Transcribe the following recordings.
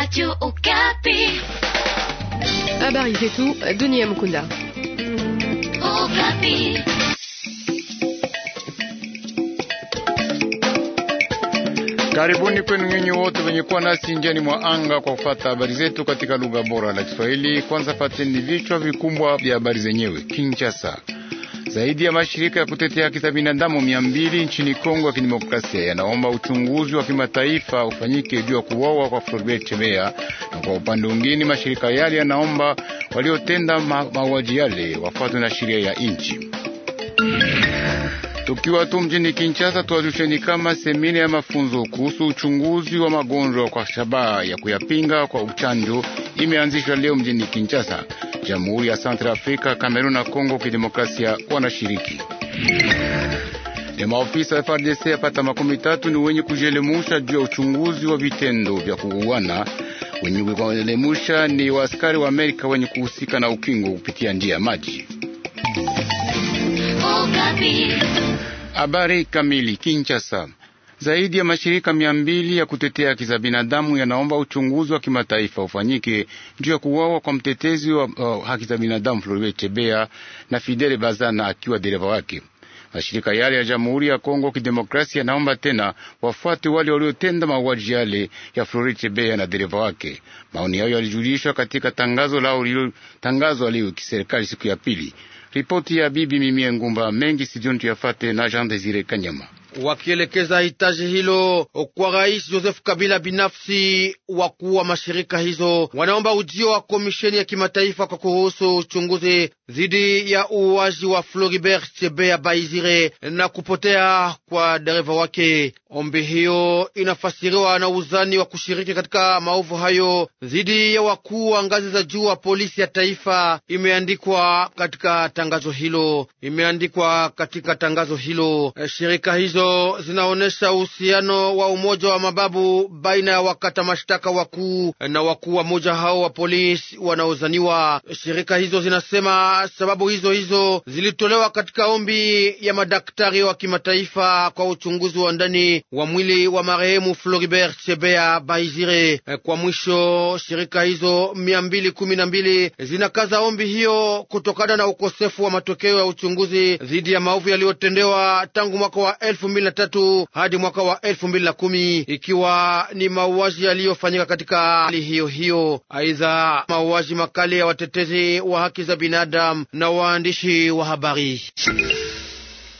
Radio Okapi. Habari ah zetu dunia mkunda. Okapi. Karibuni kwenu nyinyi wote wenye kuwa nasi njiani mwa anga kwa kufata habari zetu katika lugha bora la Kiswahili. Kwanza pateni vichwa vikubwa vya habari zenyewe. Kinshasa. Zaidi ya mashirika ya kutetea haki za binadamu mia mbili nchini Kongo ya Kidemokrasia yanaomba uchunguzi wa kimataifa ufanyike juu ya kuwawa kwa Floribert Chebeya, na kwa upande mwingine mashirika yale yanaomba waliotenda mauaji yale wafuatwe na sheria ya nchi. Tukiwa tu mjini Kinshasa, tuwajusheni kama semina ya mafunzo kuhusu uchunguzi wa magonjwa kwa shabaha ya kuyapinga kwa uchanjo imeanzishwa leo mjini Kinshasa. Jamhuri ya Central Afrika, Kamerun na Kongo Kidemokrasia wanashiriki. Ni maofisa ya FARDC yapata makumi tatu ni wenye kujelemusha juu ya uchunguzi wa vitendo vya kuuana. Wenye kujelemusha ni waaskari wa Amerika wenye kuhusika na ukingo kupitia njia ya maji. Oh, Habari kamili Kinshasa. Zaidi ya mashirika mia mbili ya kutetea haki za binadamu yanaomba uchunguzi wa kimataifa ufanyike juu ya kuuawa kwa mtetezi wa uh, haki za binadamu Floribert Chebea na Fidel Bazana akiwa dereva wake. Mashirika yale ya Jamhuri ya Kongo Kidemokrasia yanaomba tena wafuate wale waliotenda mauaji yale ya Floribert Chebea na dereva wake. Maoni hayo yalijulishwa katika tangazo lao lililotangazwa leo kiserikali siku ya pili. Ripoti ya bibi Mimie Ngumba mengi sijoni tuyafate na Jean Desire Kanyama wakielekeza hitaji hilo kwa Rais Joseph Kabila binafsi. Wakuu wa mashirika hizo wanaomba ujio wa komisheni ya kimataifa kwa kuhusu uchunguzi dhidi ya uwaji wa Floribert Chebeya Baizire na kupotea kwa dereva wake. Ombi hiyo inafasiriwa na uzani wa kushiriki katika maovu hayo dhidi ya wakuu wa ngazi za juu wa polisi ya taifa, imeandikwa katika tangazo hilo, imeandikwa katika tangazo hilo. Shirika hizo zinaonyesha uhusiano wa umoja wa mababu baina ya wakata mashtaka wakuu na wakuu wa moja hao wa polisi wanaozaniwa. Shirika hizo zinasema sababu hizo hizo zilitolewa katika ombi ya madaktari wa kimataifa kwa uchunguzi wa ndani wa mwili wa marehemu Floribert chebea baizire Kwa mwisho, shirika hizo mia mbili kumi na mbili zinakaza ombi hiyo kutokana na ukosefu wa matokeo ya uchunguzi dhidi ya maovu yaliyotendewa tangu mwaka wa elfu elfu mbili na tatu hadi mwaka wa elfu mbili na kumi ikiwa ni mauaji yaliyofanyika katika hali hiyo hiyo. Aidha, mauaji makali ya watetezi wa haki za binadamu na waandishi wa habari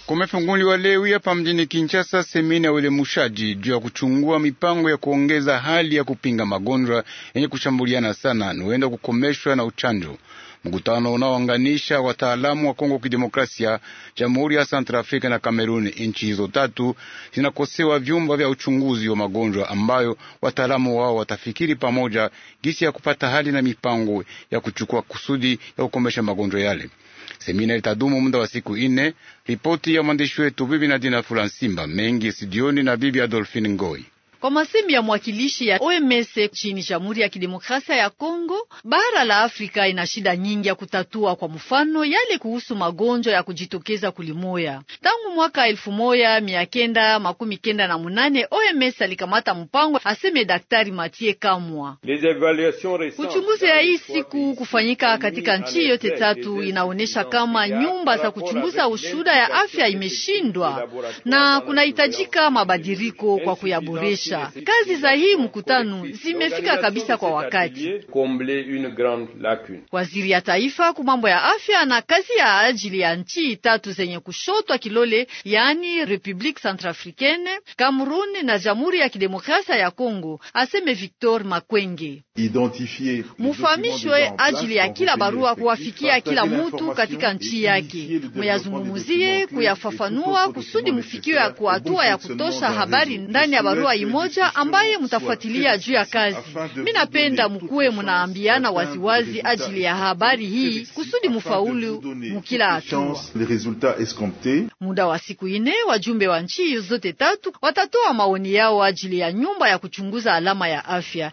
kumefunguliwa leo hapa mjini Kinshasa semina ya uelemushaji juu ya kuchungua mipango ya kuongeza hali ya kupinga magonjwa yenye kushambuliana sana huenda kukomeshwa na uchanjo mkutano unaoanganisha wataalamu wa Kongo Kidemokrasia, Jamhuri ya Centrafrika na Kameruni. Nchi hizo tatu zinakosewa vyumba vya uchunguzi wa magonjwa ambayo wataalamu wao watafikiri pamoja gisi ya kupata hali na mipango ya kuchukua kusudi ya kukomesha magonjwa yale. Semina itadumu muda wa siku ine. Ripoti ya mwandishi wetu bibi Nadina Fulansimba mengi sidioni na bibi Adolfine Ngoi. Kwa masemi ya mwakilishi ya OMS nchini Jamhuri ya Kidemokrasia ya Kongo, bara la Afrika ina shida nyingi ya kutatua, kwa mfano yale kuhusu magonjwa ya kujitokeza kulimoya. Tangu mwaka elfu moja mia kenda makumi kenda na munane OMS alikamata mpango, aseme Daktari Matie Kamwa. Uchunguzi ya hii siku kufanyika katika nchi yote tatu inaonyesha kama nyumba za kuchunguza ushuda ya afya imeshindwa na kunahitajika mabadiriko kwa kuyaboresha kutosha. Kazi za hii mkutano zimefika kabisa kwa wakati. Waziri ya taifa ku mambo ya afya na kazi ya ajili ya nchi tatu zenye kushotwa kilole, yaani Republique Centrafricaine, Cameroon na Jamhuri ya Kidemokrasia ya Kongo, aseme Victor Makwenge, mufahamishwe ajili ya kila barua kuwafikia kila mutu katika nchi yake, muyazungumuzie kuyafafanua kusudi mufikiwe ya kuatua ya kutosha habari ndani ya barua imo mmoja ambaye mtafuatilia juu ya kazi. Mi napenda mkuwe munaambiana waziwazi ajili ya habari hii kusudi mufaulu mukila hatua. Muda wa siku ine, wajumbe wa nchi zote tatu watatoa maoni yao ajili ya nyumba ya kuchunguza alama ya afya.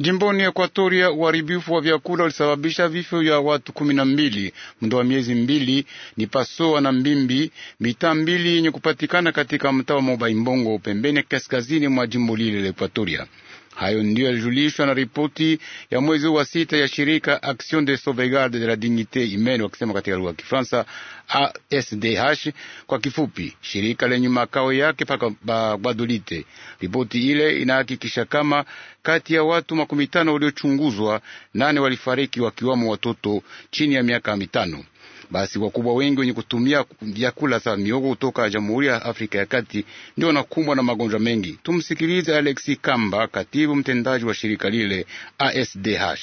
Jimboni Ekuatoria, uharibifu wa vyakula ulisababisha vifo vya watu kumi na mbili muda wa miezi mbili ni pasoa na mbimbi, mitaa mbili yenye kupatikana katika mtaa wa Mobaimbongo Imbongo, pembeni kaskazini mwa jimbo lile la Ekuatoria. Hayo ndiyo yalijulishwa na ripoti ya mwezi wa sita ya shirika Action de Sauvegarde de la dignité Humaine, wakisema katika lugha ya Kifaransa ASDH kwa kifupi, shirika lenye makao yake paka Badulite. Ripoti ile inahakikisha kama kati ya watu makumi tano waliochunguzwa, nane walifariki wakiwamo watoto chini ya miaka mitano. Basi wakubwa wengi wenye kutumia vyakula za miogo kutoka Jamhuri ya Afrika ya Kati ndio wanakumbwa na magonjwa mengi. Tumsikilize Alexi Kamba, katibu mtendaji wa shirika lile ASDH.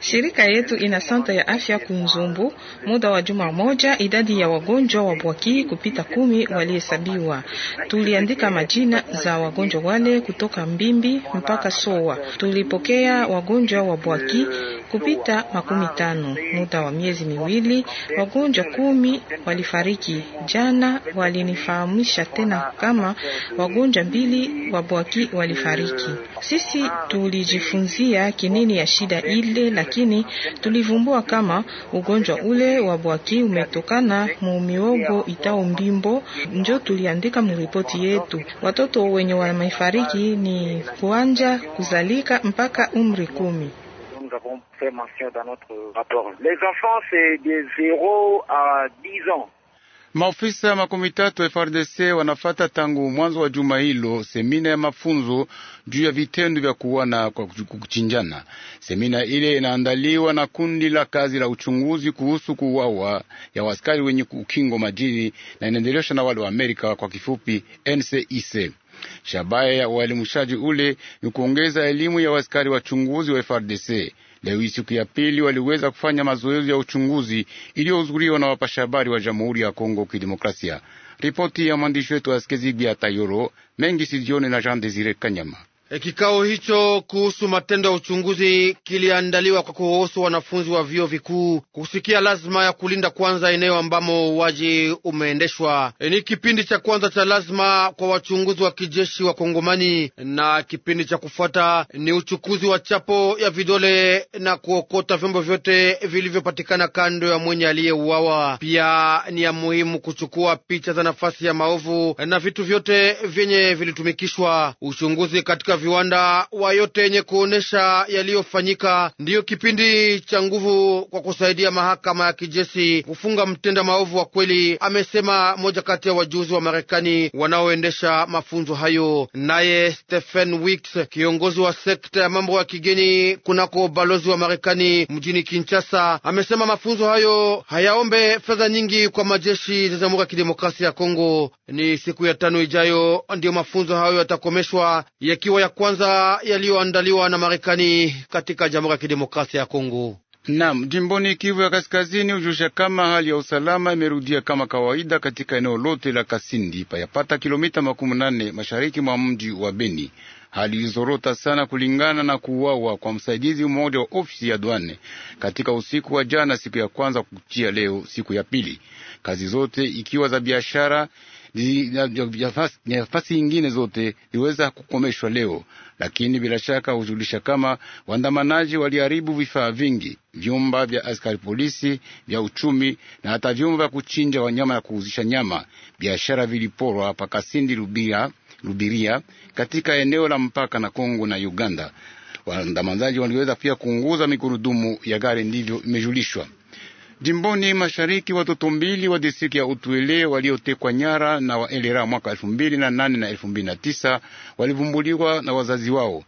Shirika yetu ina santa ya afya Kunzumbu. Muda wa juma moja, idadi ya wagonjwa wa bwaki kupita kumi walihesabiwa. Tuliandika majina za wagonjwa wale kutoka Mbimbi mpaka Soa. Tulipokea wagonjwa wa bwaki kupita makumi tano. Muda wa miezi miwili, wagonjwa kumi walifariki. Jana walinifahamisha tena kama wagonjwa mbili wa bwaki walifariki. Sisi sisi tulijifunzia kinini ya shida ile, lakini tulivumbua kama ugonjwa ule wa bwaki umetokana mu miogo itao mbimbo, njo tuliandika mripoti yetu. Watoto wenye wamefariki ni kuanja kuzalika mpaka umri kumi. Les enfants, c'est de 0 à 10 ans. Maofisa makumi tatu wa FRDC wanafata tangu mwanzo wa juma hilo semina ya mafunzo juu ya vitendo vya kuwana kwa kuchinjana. Semina ile inaandaliwa na kundi la kazi la uchunguzi kuhusu kuuawa ya waskari wenye ukingo majini na inaendeleshwa na wale wa Amerika, kwa kifupi NCIC. Shabaha ya ualimushaji ule ni kuongeza elimu ya waskari wachunguzi wa frdc Leo hii siku ya pili waliweza kufanya mazoezi ya uchunguzi iliyohudhuriwa na wapasha habari wa Jamhuri ya Kongo Kidemokrasia. Ripoti ya mwandishi wetu Askezibia Tayoro mengi sijioni na Jean Desire Kanyama. E, kikao hicho kuhusu matendo ya uchunguzi kiliandaliwa kwa kuhusu wanafunzi wa vyuo vikuu kusikia lazima ya kulinda kwanza eneo ambamo uwaji umeendeshwa. E, ni kipindi cha kwanza cha lazima kwa wachunguzi wa kijeshi wa Kongomani, na kipindi cha kufuata ni uchukuzi wa chapo ya vidole na kuokota vyombo vyote vilivyopatikana kando ya mwenye aliyeuawa. Pia ni ya muhimu kuchukua picha za nafasi ya maovu na vitu vyote vyenye vilitumikishwa. Uchunguzi katika viwanda wa yote yenye kuonesha yaliyofanyika, ndiyo kipindi cha nguvu kwa kusaidia mahakama ya kijeshi kufunga mtenda maovu wa kweli, amesema moja kati ya wajuzi wa Marekani wanaoendesha mafunzo hayo. Naye Stephen Weeks, kiongozi wa sekta ya mambo ya kigeni kunako ubalozi wa Marekani mjini Kinshasa, amesema mafunzo hayo hayaombe fedha nyingi kwa majeshi za Jamhuri ya Kidemokrasia ya Kongo. Ni siku ya tano ijayo ndiyo mafunzo hayo yatakomeshwa yakiwa ya kwanza yaliyoandaliwa na Marekani katika Jamhuri ya Kidemokrasia ya Kongo. nam jimboni Kivu ya Kaskazini hujusha kama hali ya usalama imerudia kama kawaida katika eneo lote la Kasindi payapata kilomita makumi nane mashariki mwa mji wa Beni. Hali ilizorota sana kulingana na kuuawa kwa msaidizi mmoja wa ofisi ya dwane katika usiku wa jana, siku ya kwanza kutia leo, siku ya pili, kazi zote ikiwa za biashara nafasi nyingine zote liweza kukomeshwa leo, lakini bila shaka hujulisha kama waandamanaji waliharibu vifaa vingi, vyumba vya askari polisi, vya uchumi na hata vyumba vya kuchinja wanyama na kuhuzisha nyama. Biashara viliporwa pakasindi Lubia, Lubiria katika eneo la mpaka na Kongo na Uganda. Waandamanaji waliweza pia kuunguza migurudumu ya gari, ndivyo imejulishwa. Jimboni mashariki watoto mbili wa distriki ya Utwele waliotekwa nyara na waelera mwaka elfu mbili na nane na elfu mbili na tisa walivumbuliwa na wazazi wao.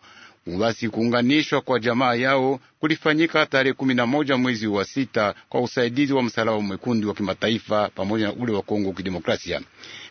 Basi kuunganishwa kwa jamaa yao kulifanyika tarehe kumi na moja mwezi wa sita kwa usaidizi wa msalaba mwekundu wa kimataifa pamoja na ule wa Kongo Kidemokrasia.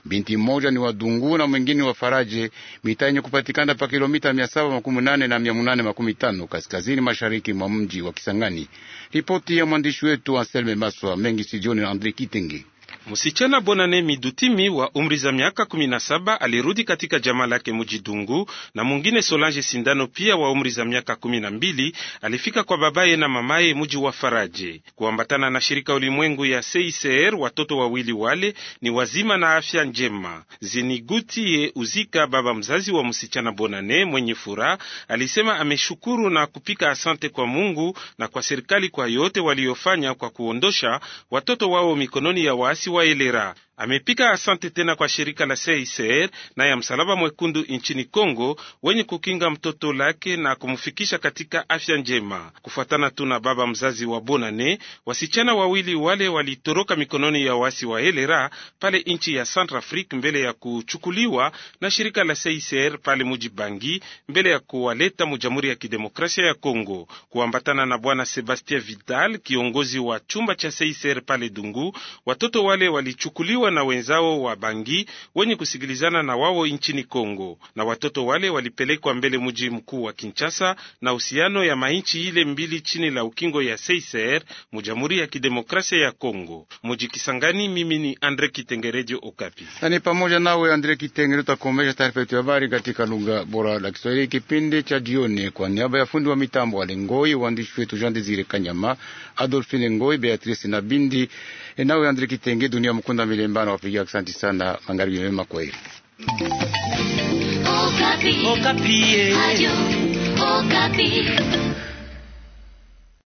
Binti mmoja ni wadungu na mwingine wa Faraje, mita yenye kupatikana pa kilomita mia saba makumi nane na mia munane makumi tano kaskazini mashariki mwa mji wa Kisangani. Ripoti ya mwandishi wetu Anselme Maswa Mengi Sijoni na Andre Kitenge. Msichana Bonane Midutimi wa umri za miaka 17 alirudi katika jamaa lake Mujidungu, na mwingine Solange Sindano pia wa umri za miaka 12 alifika kwa babaye na mamaye muji wa Faraje. Kuambatana na shirika ulimwengu ya CICR, watoto wawili wale ni wazima na afya njema. zinigutie Ye Uzika, baba mzazi wa msichana Bonane mwenye furaha, alisema ameshukuru na kupika asante kwa Mungu na kwa serikali kwa yote waliofanya kwa kuondosha watoto wao mikononi ya waasi wa ویلی را amepika asante tena kwa shirika la CICR na ya Msalaba Mwekundu nchini congo wenye kukinga mtoto lake na kumfikisha katika afya njema. Kufuatana tu na baba mzazi wa Bonane, wasichana wawili wale walitoroka mikononi ya wasi wa Elera pale nchi ya Centrafrique mbele ya kuchukuliwa na shirika la CICR pale muji Bangi mbele ya kuwaleta mujamhuri ya kidemokrasia ya congo Kuambatana na bwana Sebastien Vidal, kiongozi wa chumba cha CICR pale Dungu, watoto wale walichukuliwa wakiwa na wenzao wa Bangi wenye kusikilizana na wao nchini Kongo, na watoto wale walipelekwa mbele mji mkuu wa Kinshasa na uhusiano ya mainchi ile mbili chini la ukingo ya Seiser mu Jamhuri ya Kidemokrasia ya Kongo. Muji Kisangani, mimi ni Andre Kitengereje, Okapi. Ni pamoja nawe Andre Kitengere. Tutakomesha taarifa yetu ya habari katika lugha bora la Kiswahili kipindi cha jioni, kwa niaba ya fundi wa mitambo wa Lengoi, waandishi wetu Jean Desire Kanyama, Adolphine Ngoi, Beatrice Nabindi, e nawe Andre Kitenge, dunia mkunda milemba ambayo anawapigia. Asante sana, magharibi mema, kwa heri. Okapi. Okapi. Eh.